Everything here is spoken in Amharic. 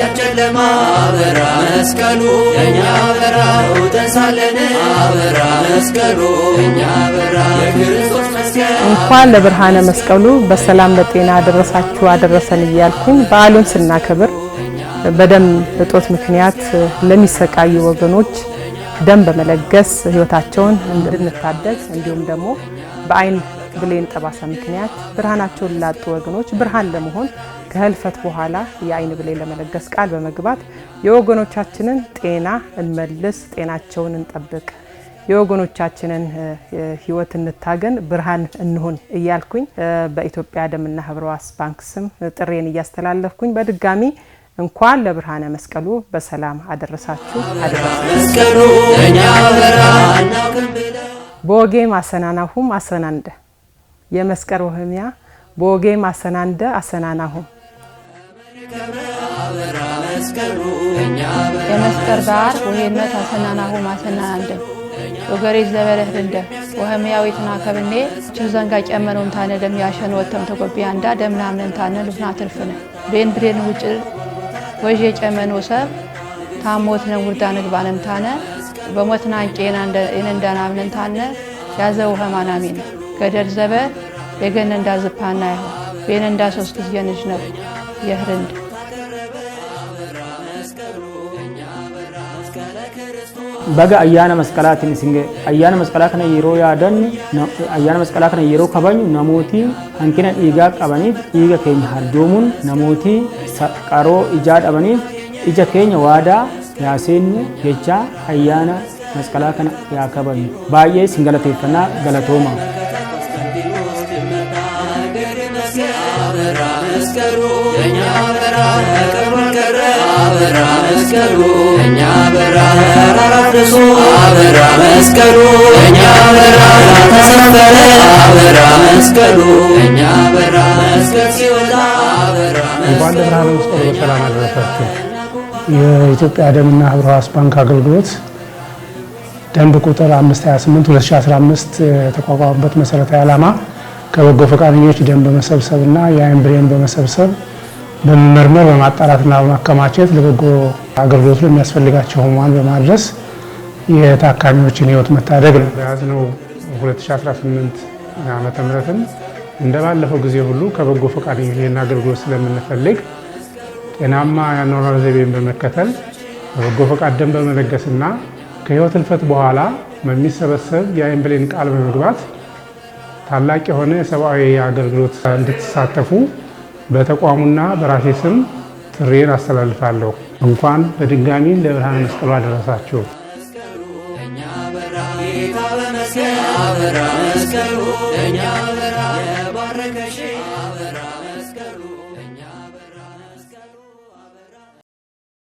መስቀሉ አበራ መስቀሉ የክርስቶስ እንኳን ለብርሃነ መስቀሉ በሰላም በጤና አደረሳችሁ አደረሰን እያልኩኝ በዓሉን ስናከብር በደም እጦት ምክንያት ለሚሰቃዩ ወገኖች ደም በመለገስ ሕይወታቸውን እንድንታደግ እንዲሁም ደግሞ በአይን ብሌን ጠባሳ ምክንያት ብርሃናቸውን ላጡ ወገኖች ብርሃን ለመሆን ከህልፈት በኋላ የአይን ብሌን ለመለገስ ቃል በመግባት የወገኖቻችንን ጤና እንመልስ፣ ጤናቸውን እንጠብቅ፣ የወገኖቻችንን ህይወት እንታገን፣ ብርሃን እንሁን እያልኩኝ በኢትዮጵያ ደምና ህብረ ሕዋስ ባንክ ስም ጥሬን እያስተላለፍኩኝ በድጋሚ እንኳን ለብርሃነ መስቀሉ በሰላም አደረሳችሁ በወጌ ቦጌ ማሰናናሁም አሰናንደ የመስቀል ወህምያ በወጌ ማሰናንደ አሰናናሁም የመስቀር ባህር ውሄመት አሰናናሁ ማሰናና እንደ ወገሬ ዘበለህ ድንደ ወህምያዊትና ትናከብኔ ችብ ዘንጋ ጨመነውን ታነ ደም ያሸን ወተም ተጎቢያ እንዳ ደምናምነን ታነ ልፍና ትርፍነ ቤን ብሬን ውጭር ወዥ የጨመን ሰብ ታሞት ነ ውርዳ ንግባንም ታነ በሞትና አንቄ የነንዳናምነን ታነ ያዘ ውኸ ማናሚ ነው ገደር ዘበ የገነ እንዳዝፓና ይሆ ቤን እንዳ ሶስት ጊዜ ንጅ ነው የህርንድ baga ayyaana masqalaatiin isin ayyaana masqalaa kana yeroo yaadannu ayyaana masqalaa kana yeroo kabanyu namooti hankina dhiigaa qabaniif dhiiga keenya harjoomuun namooti qaroo ijaa dhabaniif ija keenya waadaa yaa seennu jecha ayyaana masqalaa kana yaa kabanyu baay'ee isin galateeffannaa galatooma. መስቀሉ እኛ አበራ መስቀሉ እኛ አበራ መስቀሉ እኛ በራ ተሰፈረ አበራ መስቀሉ እኛ በራ መስቀል ሲወጣ እንኳን ደብረ መስቀሉ በሰላም አደረሳችሁ። የኢትዮጵያ ደምና ህብረ ሕዋስ ባንክ አገልግሎት ደንብ ቁጥር 528 2015 የተቋቋመበት መሰረታዊ ዓላማ ከበጎ ፈቃደኞች ደም በመሰብሰብና የአይን ብሬን በመሰብሰብ በመመርመር በማጣራትና በማከማቸት ለበጎ አገልግሎቱ የሚያስፈልጋቸው ህሙማን በማድረስ የታካሚዎችን ህይወት መታደግ ነው። በያዝነው 2018 ዓመተ ምሕረትም እንደ ባለፈው ጊዜ ሁሉ ከበጎ ፈቃደኞችና አገልግሎት ስለምንፈልግ ጤናማ የአኗኗር ዘይቤን በመከተል በበጎ ፈቃድ ደም በመለገስና ከህይወት እልፈት በኋላ በሚሰበሰብ የአይን ቃል በመግባት ታላቅ የሆነ የሰብአዊ አገልግሎት እንድትሳተፉ በተቋሙና በራሴ ስም ጥሬን አስተላልፋለሁ። እንኳን በድጋሚ ለብርሃነ መስቀሉ አደረሳችሁ። ጌታ በመስቀል አበራ መስቀሉ እኛ አበራ የባረከሽ